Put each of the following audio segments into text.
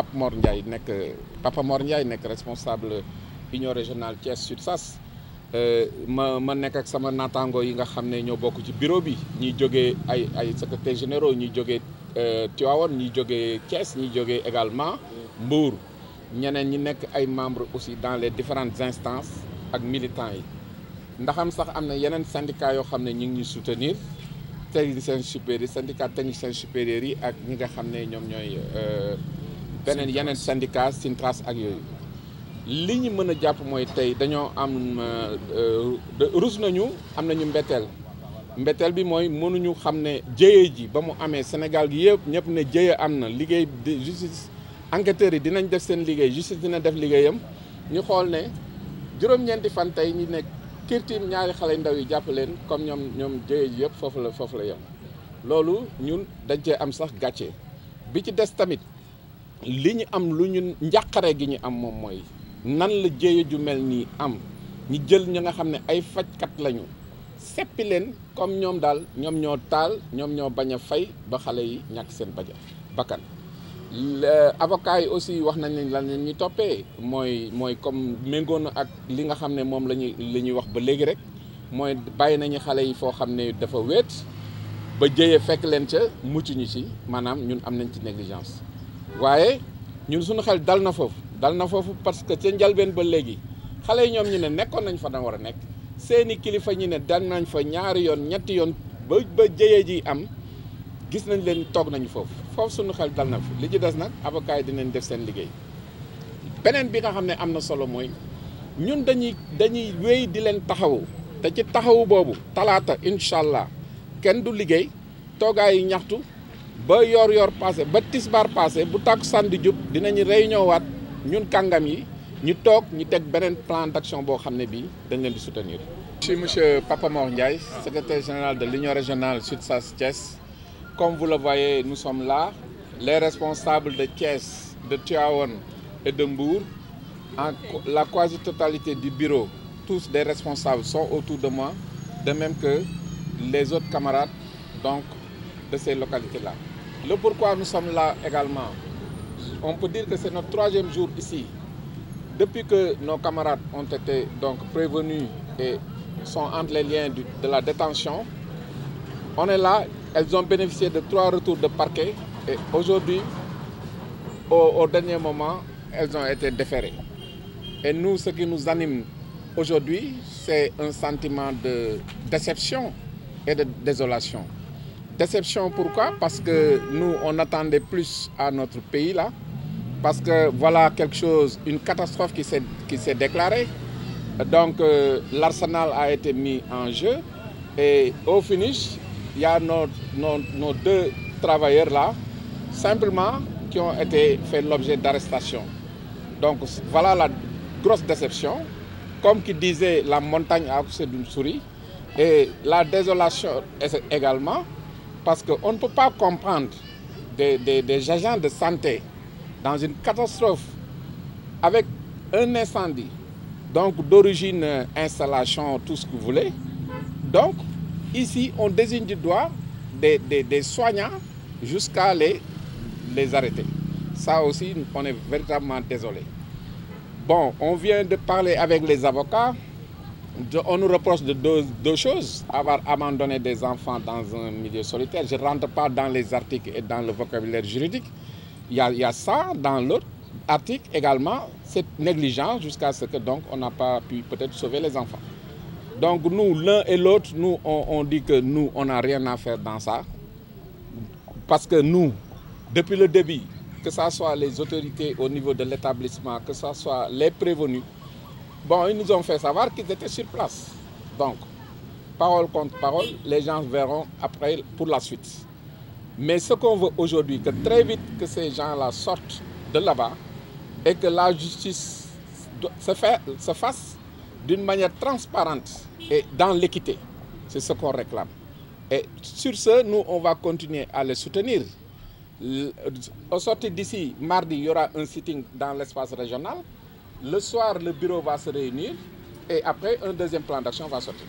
Pape Mor Ndiaye nekk Papa Mor Ndiaye nekk responsable union régionale Thiès Sud Sas euh, ma ma nekk ak sama naataango yi nga xam ne ñoo bokk ci bureau bi ñuy jógee ay ay secrétaires généraux ñuy jógee euh, Tivaouane ñuy jóge Thiès ñuy jóge également Mbour ñeneen ñi nekk ay membres aussi dans les différentes instances ak militants yi ndaxam sax am na yeneen syndicats yoo xam ne ñu ngi ñuy soutenir techniciens supérieurs syndicat techniciens supérieurs yi ak ñi nga xam ne ñoom ñooy euh, beneen yeneen syndicat Sintrace ak yooyu li ñu mën a jàpp mooy tey dañoo am euh, rus nañu am nañu mbetteel mbetteel bi mooy mënuñu xam ne jëye ji ba mu amee Sénégal gi yëpp ñëpp ne jëye am na liggéey justice enquêteurs yi dinañ def seen liggéey justice dina def liggéeyam ñu xool ne juróom-ñeenti fan tey ñu nekk kirtim ñaari xale yu ndaw yi jàpp leen comme ñoom ñoom jëye ji yëpp foofu la foofu la yem loolu ñun dañ cee am sax gàcce bi ci des tamit li ñu am lu ñu njàqare gi ñu am moom mooy nan la jéeya ju mel nii am ñu jël ñi nga xam ne ay fajkat lañu seppi leen comme ñoom daal ñoom ñoo taal ñoom ñoo bañ a fay ba xale yi ñàkk seen baja bakkan avocats yi aussi wax nañ leen lan leen ñu toppee mooy mooy comme méngoon ak li nga xam ne moom la ñuy li wax ba léegi rek mooy bàyyi nañu xale yi foo xam ne dafa wéet ba jëyee fekk leen ca mucc ñu ci maanaam ñun am nañ ci négligence waaye ñun suñu xel dal na foofu dal na foofu parce que ca njalbeen ba léegi xale yi ñoom ñu ne nekkoon nañ fa da war a nekk seeni kilifa ñu ne dal nañ fa ñaari yoon ñetti yoon ba ba jëyee ji am gis nañ leen toog nañu foofu foofu suñu xel dal na fa li ci des nag avocat yi dinañ def seen liggéey beneen bi nga xam ne am na solo mooy ñun dañuy dañuy wéy di leen taxawu te ci taxawu boobu talaata incha allah kenn du liggéey toogaay yi ñaxtu ba yor-yor passé ba tisbaar passé bu tàkkusaan di jub dinañu réunion waat ñun kàngam yi ñu toog ñu teg beneen plan d'action boo xam ne bii dañ leen di soutenir. je suis monsieur Papa Mor Ndiaye secrétaire général de l'union régionale Sud-Sas Thiès comme vous le voyez nous sommes là les responsables de Thiès de Tivaouane et de Mbour en la quasi-totalité du bureau tous des responsables sont autour de moi de même que les autres camarades donc. de ces localités-là. Le pourquoi nous sommes là également, on peut dire que c'est notre troisième jour ici. Depuis que nos camarades ont été donc prévenus et sont entre les liens du, de la détention, on est là, elles ont bénéficié de trois retours de parquet et aujourd'hui, au, au dernier moment, elles ont été déférées. Et nous, ce qui nous anime aujourd'hui, c'est un sentiment de déception et de désolation. Déception pourquoi Parce que nous, on attendait plus à notre pays là. Parce que voilà quelque chose, une catastrophe qui s'est déclarée. Donc euh, l'arsenal a été mis en jeu. Et au finish, il y a nos, nos, nos deux travailleurs là, simplement qui ont été fait l'objet d'arrestations. Donc voilà la grosse déception. Comme qui disait, la montagne a accouché d'une souris. Et la désolation également. Parce qu'on ne peut pas comprendre des, des, des, agents de santé dans une catastrophe avec un incendie, donc d'origine euh, installation, tout ce que vous voulez. Donc, ici, on désigne du doigt des, des soignants jusqu'à les, les arrêter. Ça aussi, on est véritablement désolé. Bon, on vient de parler avec les avocats. on nous reproche de deux, deux, choses. Avoir des enfants dans un milieu solitaire. Je ne rentre pas dans les articles et dans le vocabulaire juridique. Il y a, il dans l'autre article également, cette négligence jusqu'à ce que donc on n'a pu peut-être sauver les enfants. Donc on, on, dit on n'a dans ça. Parce que nous, depuis le début, que ce soit les autorités au niveau de l'établissement, que ce soit les prévenus, Bon, ils nous ont fait savoir qu'ils étaient sur place. Donc, parole contre parole, les gens verront après pour la suite. Mais ce qu'on veut aujourd'hui, que très vite que ces gens-là sortent de là-bas et que la justice se, fait, se fasse d'une manière transparente et dans l'équité. C'est ce qu'on réclame. Et sur ce, nous, on va continuer à les soutenir. Au sortir d'ici, mardi, il y aura un sitting dans l'espace régional. Le soir, le bureau va se réunir et après, un deuxième plan d'action va sortir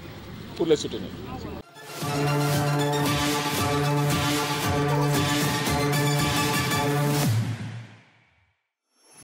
pour les soutenir.